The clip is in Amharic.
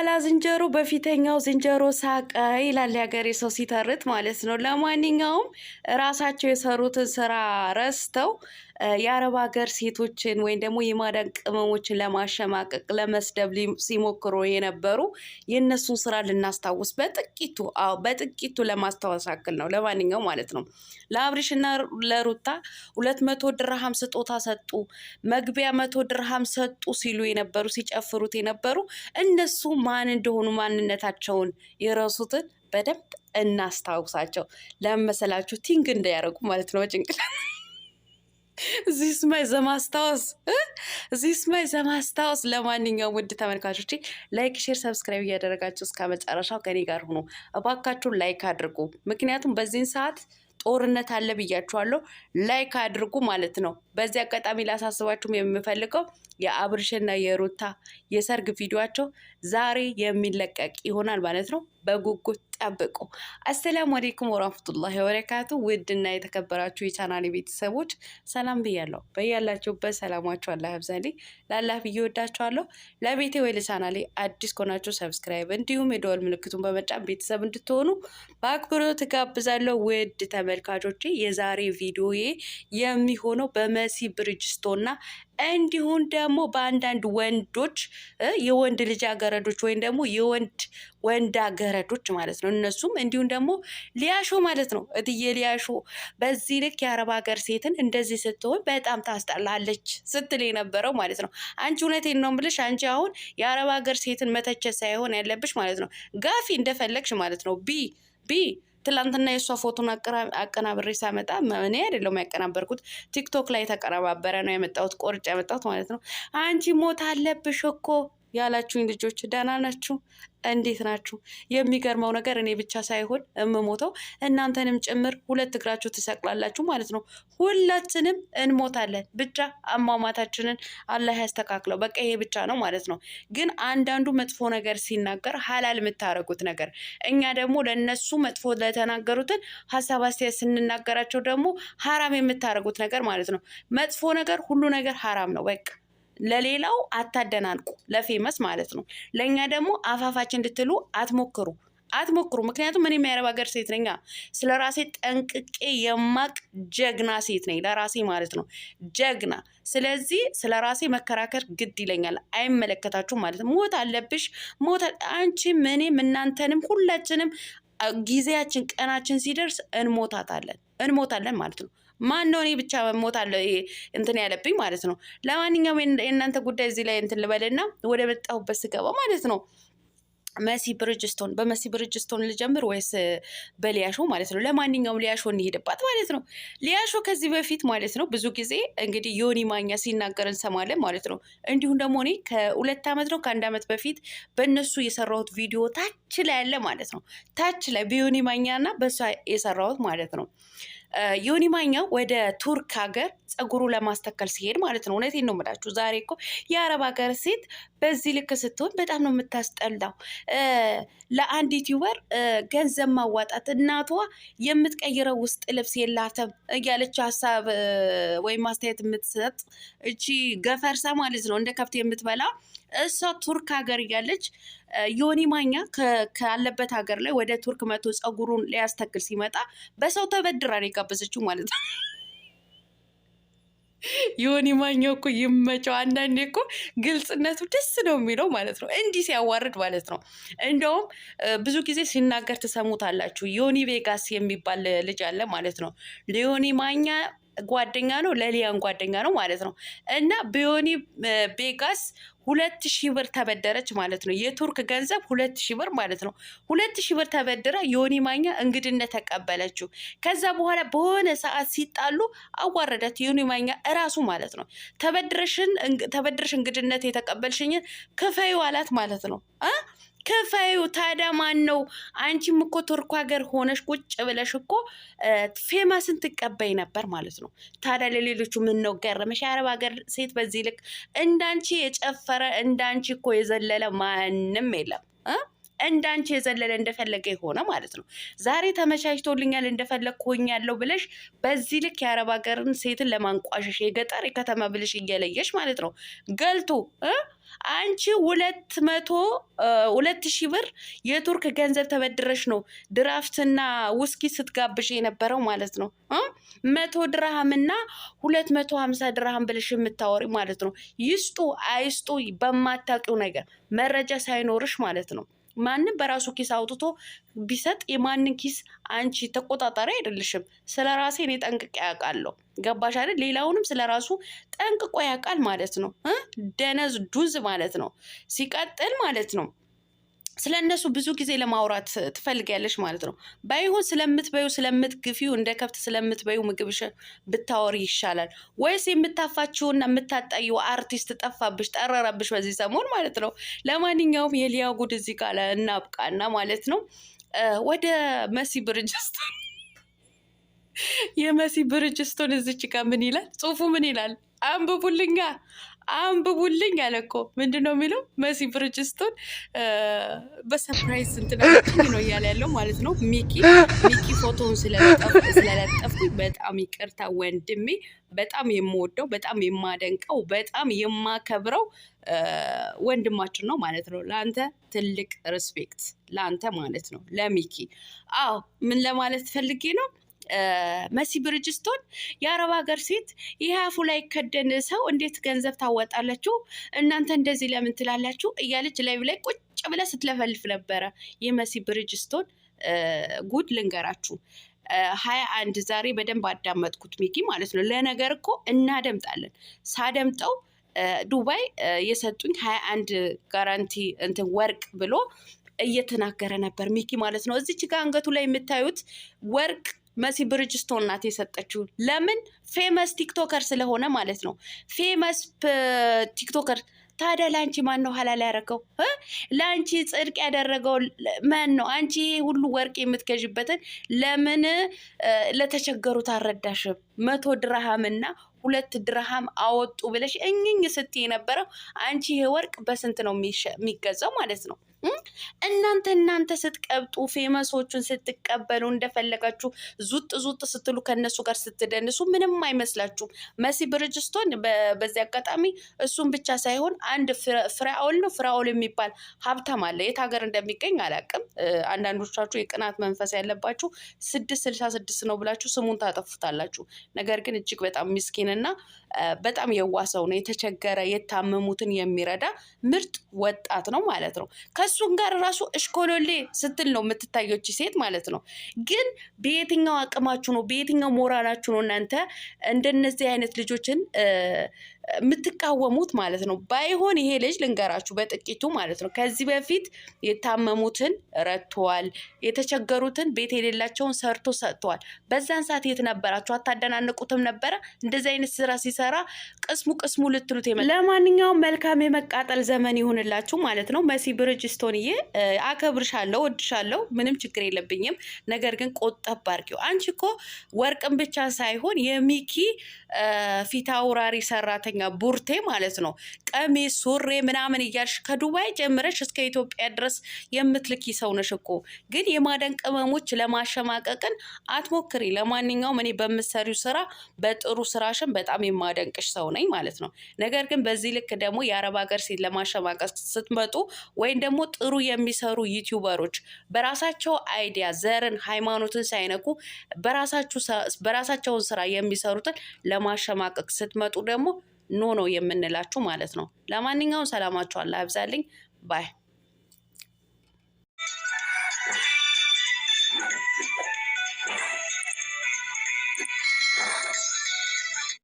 በኋላ ዝንጀሮ በፊተኛው ዝንጀሮ ሳቀ ይላል የሀገሬ ሰው ሲተርት ማለት ነው። ለማንኛውም ራሳቸው የሰሩትን ስራ ረስተው የአረብ ሀገር ሴቶችን ወይም ደግሞ የማዳን ቅመሞችን ለማሸማቀቅ ለመስደብ ሲሞክሩ የነበሩ የእነሱን ስራ ልናስታውስ በጥቂቱ አዎ በጥቂቱ ለማስታወስ ያክል ነው። ለማንኛው ማለት ነው ለአብሪሽና ለሩታ ሁለት መቶ ድርሃም ስጦታ ሰጡ፣ መግቢያ መቶ ድርሃም ሰጡ ሲሉ የነበሩ ሲጨፍሩት የነበሩ እነሱ ማን እንደሆኑ ማንነታቸውን የረሱትን በደንብ እናስታውሳቸው ለመሰላችሁ ቲንግ እንዳያደርጉ ማለት ነው ጭንቅላት እዚህ ስማይ ዘማስታወስ እዚህ ስማይ ዘማስታወስ። ለማንኛውም ውድ ተመልካቾች ላይክ፣ ሼር፣ ሰብስክራይብ እያደረጋችሁ እስከ መጨረሻው ከኔ ጋር ሆኖ እባካችሁን ላይክ አድርጉ። ምክንያቱም በዚህን ሰዓት ጦርነት አለ ብያችኋለሁ። ላይክ አድርጉ ማለት ነው። በዚህ አጋጣሚ ላሳስባችሁም የምፈልገው የአብርሽና የሩታ የሰርግ ቪዲዮቸው ዛሬ የሚለቀቅ ይሆናል ማለት ነው በጉጉት ጠብቁ። አሰላሙ አሌይኩም ወራህመቱላሂ ወበረካቱ። እና የተከበራችሁ የቻናል ቤተሰቦች ሰላም ብያለሁ። በያላችሁበት ሰላማችሁ አላህ ብዛሌ ላላህ ብዬ ወዳችኋለሁ። ለቤቴ ወይ ለቻናሌ አዲስ ከሆናችሁ ሰብስክራይብ፣ እንዲሁም የደወል ምልክቱን በመጫን ቤተሰብ እንድትሆኑ በአክብሮት ትጋብዛለሁ። ውድ ተመልካቾቼ የዛሬ ቪዲዮ የሚሆነው በመሲ ብርጅስቶ ብሪጅስቶንና እንዲሁም ደግሞ በአንዳንድ ወንዶች የወንድ ልጃገረዶች ወይም ደግሞ የወንድ አገረዶች ማለት ነው። እነሱም እንዲሁም ደግሞ ሊያሾ ማለት ነው። እትዬ ሊያሾ በዚህ ልክ የአረብ ሀገር ሴትን እንደዚህ ስትሆን በጣም ታስጠላለች ስትል የነበረው ማለት ነው። አንቺ እውነቴን ነው የምልሽ። አንቺ አሁን የአረብ ሀገር ሴትን መተቸት ሳይሆን ያለብሽ ማለት ነው። ጋፊ እንደፈለግሽ ማለት ነው ቢ ቢ ትላንትና የእሷ ፎቶን አቀናብሬ ሳመጣ እኔ አይደለሁም ያቀናበርኩት፣ ቲክቶክ ላይ የተቀነባበረ ነው የመጣሁት፣ ቆርጬ ያመጣሁት ማለት ነው። አንቺ ሞት አለብሽ እኮ ያላችሁኝ ልጆች ደህና ናችሁ? እንዴት ናችሁ? የሚገርመው ነገር እኔ ብቻ ሳይሆን የምሞተው እናንተንም ጭምር ሁለት እግራችሁ ትሰቅላላችሁ ማለት ነው። ሁላችንም እንሞታለን። ብቻ አሟሟታችንን አላህ ያስተካክለው። በቃ ይሄ ብቻ ነው ማለት ነው። ግን አንዳንዱ መጥፎ ነገር ሲናገር ሀላል የምታደርጉት ነገር እኛ ደግሞ ለእነሱ መጥፎ ለተናገሩትን ሀሳብ አስተያየት ስንናገራቸው ደግሞ ሀራም የምታደርጉት ነገር ማለት ነው። መጥፎ ነገር ሁሉ ነገር ሀራም ነው በቃ ለሌላው አታደናንቁ፣ ለፌመስ ማለት ነው። ለእኛ ደግሞ አፋፋች እንድትሉ አትሞክሩ አትሞክሩ። ምክንያቱም እኔ የማያረብ ሀገር ሴት ነኝ። ስለ ራሴ ጠንቅቄ የማቅ ጀግና ሴት ነኝ፣ ለራሴ ማለት ነው ጀግና። ስለዚህ ስለ ራሴ መከራከር ግድ ይለኛል። አይመለከታችሁም ማለት ነው። ሞት አለብሽ ሞት፣ አንቺም፣ እኔም፣ እናንተንም ሁላችንም ጊዜያችን ቀናችን ሲደርስ እንሞታታለን እንሞታለን ማለት ነው። ማን ነው እኔ ብቻ ሞታለሁ እንትን ያለብኝ ማለት ነው። ለማንኛውም የእናንተ ጉዳይ እዚህ ላይ እንትን ልበልና ወደ መጣሁበት ስገባ ማለት ነው መሲ ብርጅስቶን በመሲ ብርጅስቶን ልጀምር ወይስ በሊያሾ ማለት ነው? ለማንኛውም ሊያሾ እንሄድባት ማለት ነው። ሊያሾ ከዚህ በፊት ማለት ነው ብዙ ጊዜ እንግዲህ ዮኒ ማኛ ሲናገር እንሰማለን ማለት ነው። እንዲሁም ደግሞ እኔ ከሁለት ዓመት ነው ከአንድ ዓመት በፊት በእነሱ የሰራሁት ቪዲዮ ታች ላይ ያለ ማለት ነው። ታች ላይ በዮኒ ማኛ እና በእሷ የሰራሁት ማለት ነው። ዮኒ ወደ ቱርክ ሀገር ጸጉሩ ለማስተከል ሲሄድ ማለት ነው። እውነቴን ነው የምላችሁ። ዛሬ እኮ የአረብ ሀገር ሴት በዚህ ልክ ስትሆን በጣም ነው የምታስጠላው። ለአንድ ዩቲዩበር ገንዘብ ማዋጣት እናቷ የምትቀይረው ውስጥ ልብስ የላትም እያለች ሀሳብ ወይም አስተያየት የምትሰጥ እቺ ገፈርሳ ማለት ነው እንደ ከብት የምትበላ እሷ ቱርክ ሀገር እያለች ዮኒ ማኛ ካለበት ሀገር ላይ ወደ ቱርክ መቶ ጸጉሩን ሊያስተክል ሲመጣ በሰው ተበድራ ነው የጋበዘችው ማለት ነው። የሆነ ማኛው እኮ ይመቸው። አንዳንዴ እኮ ግልጽነቱ ደስ ነው የሚለው ማለት ነው፣ እንዲህ ሲያዋርድ ማለት ነው። እንደውም ብዙ ጊዜ ሲናገር ትሰሙታላችሁ። ዮኒ ቬጋስ የሚባል ልጅ አለ ማለት ነው ለዮኒ ማኛ ጓደኛ ነው ለሊያን ጓደኛ ነው ማለት ነው። እና ቢዮኒ ቤጋስ ሁለት ሺህ ብር ተበደረች ማለት ነው። የቱርክ ገንዘብ ሁለት ሺህ ብር ማለት ነው። ሁለት ሺህ ብር ተበድራ ዮኒ ማኛ እንግድነት ተቀበለችው። ከዛ በኋላ በሆነ ሰዓት ሲጣሉ አዋረዳት ዮኒ ማኛ እራሱ ማለት ነው። ተበድረሽን ተበድረሽ እንግድነት የተቀበልሽኝን ክፈዩ አላት ማለት ነው እ ክፈዩ ታዲያ ማን ነው? አንቺም እኮ ቱርክ ሀገር ሆነሽ ቁጭ ብለሽ እኮ ፌመስን ትቀበይ ነበር ማለት ነው። ታዲያ ለሌሎቹ ምን ነው ገረመሽ? የአረብ ሀገር ሴት በዚህ ልክ እንዳንቺ የጨፈረ እንዳንቺ እኮ የዘለለ ማንም የለም። እንዳንቺ የዘለለ እንደፈለገ የሆነ ማለት ነው። ዛሬ ተመቻችቶልኛል እንደፈለግ ሆኛለሁ ብለሽ በዚህ ልክ የአረብ ሀገርን ሴትን ለማንቋሸሽ የገጠር የከተማ ብለሽ እየለየሽ ማለት ነው። ገልቱ አንቺ ሁለት መቶ ሁለት ሺህ ብር የቱርክ ገንዘብ ተበድረሽ ነው ድራፍትና ውስኪ ስትጋብሽ የነበረው ማለት ነው። መቶ ድርሃምና ሁለት መቶ ሀምሳ ድርሃም ብለሽ የምታወሪ ማለት ነው። ይስጡ አይስጡ በማታውቂው ነገር መረጃ ሳይኖርሽ ማለት ነው። ማንም በራሱ ኪስ አውጥቶ ቢሰጥ የማንን ኪስ አንቺ ተቆጣጣሪ አይደለሽም። ስለ ራሴ እኔ ጠንቅቄ ያውቃለሁ። ገባሽ አይደል? ሌላውንም ስለ ራሱ ጠንቅቆ ያውቃል ማለት ነው። ደነዝ ዱዝ ማለት ነው። ሲቀጥል ማለት ነው ስለ እነሱ ብዙ ጊዜ ለማውራት ትፈልጊያለሽ ማለት ነው። ባይሆን ስለምትበዩ ስለምትግፊው፣ እንደ ከብት ስለምትበዩ ምግብሽ ብታወሪ ይሻላል። ወይስ የምታፋችውና የምታጣዩ አርቲስት ጠፋብሽ፣ ጠረረብሽ በዚህ ሰሞን ማለት ነው። ለማንኛውም የሊያ ጉድ እዚህ ቃለ እናብቃና ማለት ነው ወደ መሲ ብርጅስቶን የመሲ ብርጅስቶን እዚች ጋ ምን ይላል ጽሁፉ? ምን ይላል? አንብቡልኛ አንብቡልኝ አለ እኮ ምንድን ነው የሚለው መሲ ብርጅስቶን በሰርፕራይዝ እንትናችን ነው እያለ ያለው ማለት ነው። ሚኪ ሚኪ ፎቶውን ስለለጠፉ በጣም ይቅርታ ወንድሜ። በጣም የምወደው በጣም የማደንቀው በጣም የማከብረው ወንድማችን ነው ማለት ነው። ለአንተ ትልቅ ሪስፔክት ለአንተ ማለት ነው ለሚኪ። አዎ ምን ለማለት ፈልጌ ነው መሲ ብርጅስቶን የአረብ ሀገር ሴት ይህ አፉ ላይ ከደን ሰው እንዴት ገንዘብ ታወጣላችሁ እናንተ እንደዚህ ለምን ትላላችሁ እያለች ላይቭ ላይ ቁጭ ብለ ስትለፈልፍ ነበረ። የመሲ ብርጅስቶን ጉድ ልንገራችሁ። ሀያ አንድ ዛሬ በደንብ አዳመጥኩት ሚኪ ማለት ነው። ለነገር እኮ እናደምጣለን። ሳደምጠው ዱባይ የሰጡኝ ሀያ አንድ ጋራንቲ እንትን ወርቅ ብሎ እየተናገረ ነበር ሚኪ ማለት ነው። እዚች ጋ አንገቱ ላይ የምታዩት ወርቅ መሲ ብርጅስቶን ናት የሰጠችው። ለምን ፌመስ ቲክቶከር ስለሆነ ማለት ነው። ፌመስ ቲክቶከር ታዲያ ለአንቺ ማን ነው ሀላል ያደረገው? ለአንቺ ጽድቅ ያደረገው ማን ነው? አንቺ ይሄ ሁሉ ወርቅ የምትገዥበትን ለምን ለተቸገሩት አረዳሽም? መቶ ድርሃምና ሁለት ድርሃም አወጡ ብለሽ እኝኝ ስት የነበረው አንቺ ይሄ ወርቅ በስንት ነው የሚገዛው ማለት ነው? እናንተ እናንተ ስትቀብጡ ፌመሶቹን ስትቀበሉ እንደፈለጋችሁ ዙጥ ዙጥ ስትሉ ከነሱ ጋር ስትደንሱ ምንም አይመስላችሁም። መሲ ብርጅስቶን በዚህ አጋጣሚ እሱን ብቻ ሳይሆን አንድ ፍራኦል ነው ፍራኦል የሚባል ሀብታም አለ። የት ሀገር እንደሚገኝ አላውቅም። አንዳንዶቻችሁ የቅናት መንፈስ ያለባችሁ ስድስት ስልሳ ስድስት ነው ብላችሁ ስሙን ታጠፉታላችሁ። ነገር ግን እጅግ በጣም ሚስኪን ግንና በጣም የዋሰው ነው። የተቸገረ የታመሙትን የሚረዳ ምርጥ ወጣት ነው ማለት ነው። ከእሱን ጋር ራሱ እሽኮሎሌ ስትል ነው የምትታየች ሴት ማለት ነው። ግን በየትኛው አቅማችሁ ነው፣ በየትኛው ሞራላችሁ ነው እናንተ እንደነዚህ አይነት ልጆችን የምትቃወሙት ማለት ነው። ባይሆን ይሄ ልጅ ልንገራችሁ በጥቂቱ ማለት ነው። ከዚህ በፊት የታመሙትን ረድተዋል፣ የተቸገሩትን ቤት የሌላቸውን ሰርቶ ሰጥተዋል። በዛን ሰዓት የት ነበራችሁ? አታደናንቁትም ነበረ? እንደዚህ አይነት ስራ ሲሰራ ቅስሙ ቅስሙ ልትሉት የመ ለማንኛውም መልካም የመቃጠል ዘመን ይሁንላችሁ ማለት ነው። መሲ ብርጅስቶንዬ አከብርሻለሁ፣ ወድሻለሁ፣ ምንም ችግር የለብኝም። ነገር ግን ቆጠብ አድርጊው። አንቺ እኮ ወርቅን ብቻ ሳይሆን የሚኪ ፊት አውራሪ ሰራተኛ ሰራተኛ ቡርቴ ማለት ነው ቀሚስ፣ ሱሬ ምናምን እያልሽ ከዱባይ ጀምረሽ እስከ ኢትዮጵያ ድረስ የምትልኪ ሰው ነሽ እኮ። ግን የማደን ቅመሞች ለማሸማቀቅን አትሞክሪ። ለማንኛውም እኔ በምሰሪው ስራ በጥሩ ስራሽን በጣም የማደንቅሽ ሰው ነኝ ማለት ነው። ነገር ግን በዚህ ልክ ደግሞ የአረብ ሀገር ሴት ለማሸማቀቅ ስትመጡ ወይም ደግሞ ጥሩ የሚሰሩ ዩቲዩበሮች በራሳቸው አይዲያ ዘርን፣ ሃይማኖትን ሳይነኩ በራሳቸውን ስራ የሚሰሩትን ለማሸማቀቅ ስትመጡ ደግሞ ኖ ነው የምንላችሁ ማለት ነው። ለማንኛውም ሰላማችሁ አላህ ያብዛልኝ ባይ